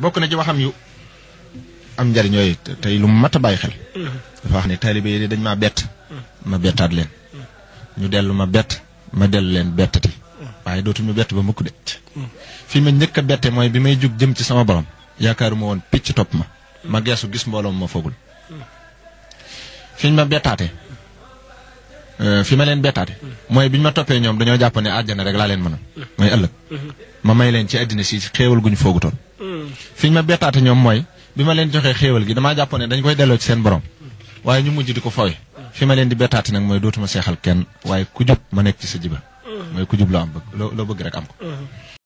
bokk na ci waxam yu am njariñ tey lu mat a bàyyi xel. dafa wax ne taalibe yi dañ maa bett. ma bettaat leen. ñu dellu ma bett ma dellu leen bettati. waaye dootuñu bett ba mukk de. fi ma njëkk a bette mooy bi may jug jëm ci sama borom. yaakaaruma woon picc topp ma. ma geesu gis mbooloo ma foogul. fiñ ma bettaate. Euh, fi ma leen bettaate. mooy biñ ma toppee ñoom dañoo jàpp ne àjjana rek laa leen mënoon. mooy ëllëg. ma may leen ci àddina si xéewal guñ foogutoon. fi ñu ma bettaate ñoom mooy bi ma leen joxee xéewal gi damaa jàppoon dañ koy delloo ci seen borom waaye ñu mujj di ko fawe fi ma leen di bettaate nag mooy dootuma seexal kenn waaye ku jub ma nekk ci sa jiba mooy ku jub loo am bëgg loo bëgg rek am ko